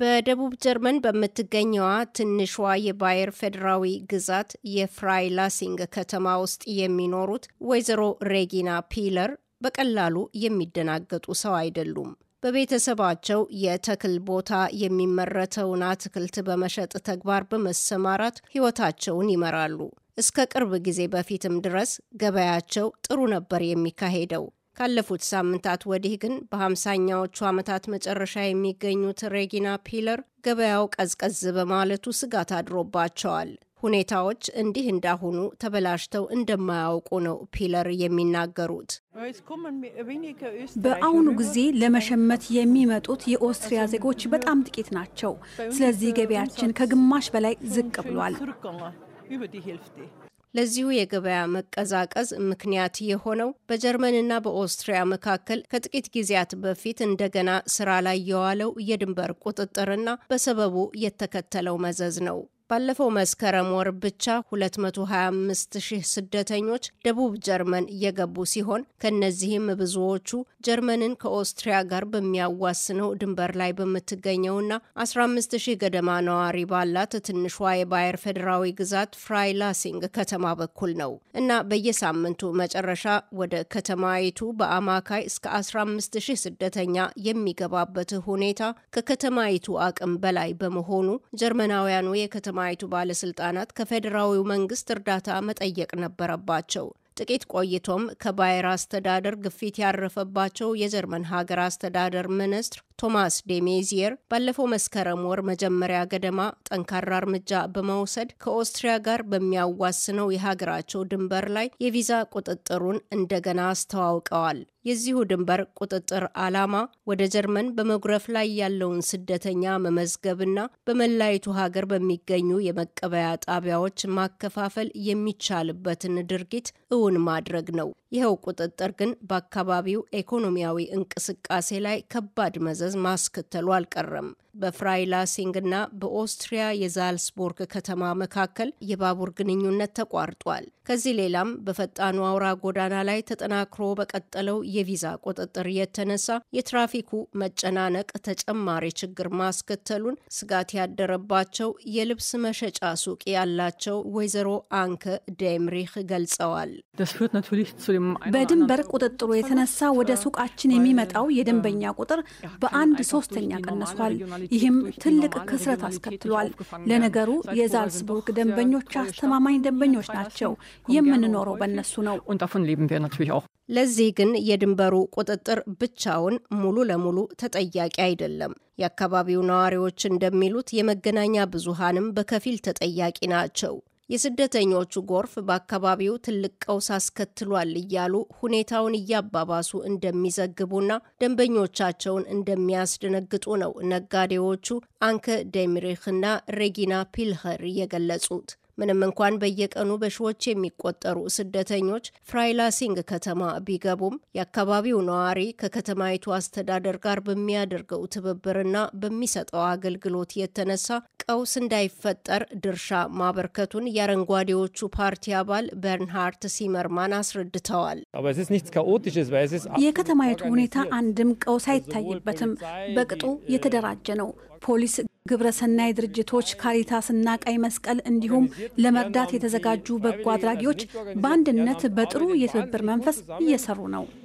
በደቡብ ጀርመን በምትገኘዋ ትንሿ የባየር ፌዴራዊ ግዛት የፍራይላሲንግ ከተማ ውስጥ የሚኖሩት ወይዘሮ ሬጊና ፒለር በቀላሉ የሚደናገጡ ሰው አይደሉም። በቤተሰባቸው የተክል ቦታ የሚመረተውን አትክልት በመሸጥ ተግባር በመሰማራት ሕይወታቸውን ይመራሉ። እስከ ቅርብ ጊዜ በፊትም ድረስ ገበያቸው ጥሩ ነበር የሚካሄደው። ካለፉት ሳምንታት ወዲህ ግን በሀምሳኛዎቹ ዓመታት መጨረሻ የሚገኙት ሬጊና ፒለር ገበያው ቀዝቀዝ በማለቱ ስጋት አድሮባቸዋል። ሁኔታዎች እንዲህ እንዳሁኑ ተበላሽተው እንደማያውቁ ነው ፒለር የሚናገሩት። በአሁኑ ጊዜ ለመሸመት የሚመጡት የኦስትሪያ ዜጎች በጣም ጥቂት ናቸው። ስለዚህ ገበያችን ከግማሽ በላይ ዝቅ ብሏል። ለዚሁ የገበያ መቀዛቀዝ ምክንያት የሆነው በጀርመንና በኦስትሪያ መካከል ከጥቂት ጊዜያት በፊት እንደገና ስራ ላይ የዋለው የድንበር ቁጥጥርና በሰበቡ የተከተለው መዘዝ ነው። ባለፈው መስከረም ወር ብቻ 225 ሺህ ስደተኞች ደቡብ ጀርመን እየገቡ ሲሆን ከእነዚህም ብዙዎቹ ጀርመንን ከኦስትሪያ ጋር በሚያዋስነው ድንበር ላይ በምትገኘውና 15 ሺህ ገደማ ነዋሪ ባላት ትንሿ የባየር ፌዴራዊ ግዛት ፍራይላሲንግ ከተማ በኩል ነው እና በየሳምንቱ መጨረሻ ወደ ከተማይቱ በአማካይ እስከ 15 ሺህ ስደተኛ የሚገባበት ሁኔታ ከከተማይቱ አቅም በላይ በመሆኑ ጀርመናውያኑ የከተማ የከተማይቱ ባለስልጣናት ከፌዴራዊው መንግስት እርዳታ መጠየቅ ነበረባቸው። ጥቂት ቆይቶም ከባየር አስተዳደር ግፊት ያረፈባቸው የጀርመን ሀገር አስተዳደር ሚኒስትር ቶማስ ዴሜዚየር ባለፈው መስከረም ወር መጀመሪያ ገደማ ጠንካራ እርምጃ በመውሰድ ከኦስትሪያ ጋር በሚያዋስነው የሀገራቸው ድንበር ላይ የቪዛ ቁጥጥሩን እንደገና አስተዋውቀዋል። የዚሁ ድንበር ቁጥጥር ዓላማ ወደ ጀርመን በመጉረፍ ላይ ያለውን ስደተኛ መመዝገብና በመላይቱ ሀገር በሚገኙ የመቀበያ ጣቢያዎች ማከፋፈል የሚቻልበትን ድርጊት እውን ማድረግ ነው። ይኸው ቁጥጥር ግን በአካባቢው ኢኮኖሚያዊ እንቅስቃሴ ላይ ከባድ መዘዝ ማስከተሉ አልቀረም። በፍራይላሲንግና በኦስትሪያ የዛልስቦርግ ከተማ መካከል የባቡር ግንኙነት ተቋርጧል። ከዚህ ሌላም በፈጣኑ አውራ ጎዳና ላይ ተጠናክሮ በቀጠለው የቪዛ ቁጥጥር የተነሳ የትራፊኩ መጨናነቅ ተጨማሪ ችግር ማስከተሉን ስጋት ያደረባቸው የልብስ መሸጫ ሱቅ ያላቸው ወይዘሮ አንከ ደምሪህ ገልጸዋል። በድንበር ቁጥጥሩ የተነሳ ወደ ሱቃችን የሚመጣው የደንበኛ ቁጥር በአንድ ሶስተኛ ቀንሷል። ይህም ትልቅ ክስረት አስከትሏል። ለነገሩ የዛልስቡርግ ደንበኞች አስተማማኝ ደንበኞች ናቸው። የምንኖረው በነሱ ነው። ለዚህ ግን የድንበሩ ቁጥጥር ብቻውን ሙሉ ለሙሉ ተጠያቂ አይደለም። የአካባቢው ነዋሪዎች እንደሚሉት የመገናኛ ብዙሃንም በከፊል ተጠያቂ ናቸው። የስደተኞቹ ጎርፍ በአካባቢው ትልቅ ቀውስ አስከትሏል እያሉ ሁኔታውን እያባባሱ እንደሚዘግቡና ደንበኞቻቸውን እንደሚያስደነግጡ ነው ነጋዴዎቹ አንከ ደሚሪህና ሬጊና ፒልኸር የገለጹት። ምንም እንኳን በየቀኑ በሺዎች የሚቆጠሩ ስደተኞች ፍራይላሲንግ ከተማ ቢገቡም የአካባቢው ነዋሪ ከከተማይቱ አስተዳደር ጋር በሚያደርገው ትብብርና በሚሰጠው አገልግሎት የተነሳ ቀውስ እንዳይፈጠር ድርሻ ማበርከቱን የአረንጓዴዎቹ ፓርቲ አባል በርንሃርት ሲመርማን አስረድተዋል። የከተማይቱ ሁኔታ አንድም ቀውስ አይታይበትም። በቅጡ የተደራጀ ነው። ፖሊስ ግብረሰናይ ድርጅቶች ካሪታስ እና ቀይ መስቀል እንዲሁም ለመርዳት የተዘጋጁ በጎ አድራጊዎች በአንድነት በጥሩ የትብብር መንፈስ እየሰሩ ነው።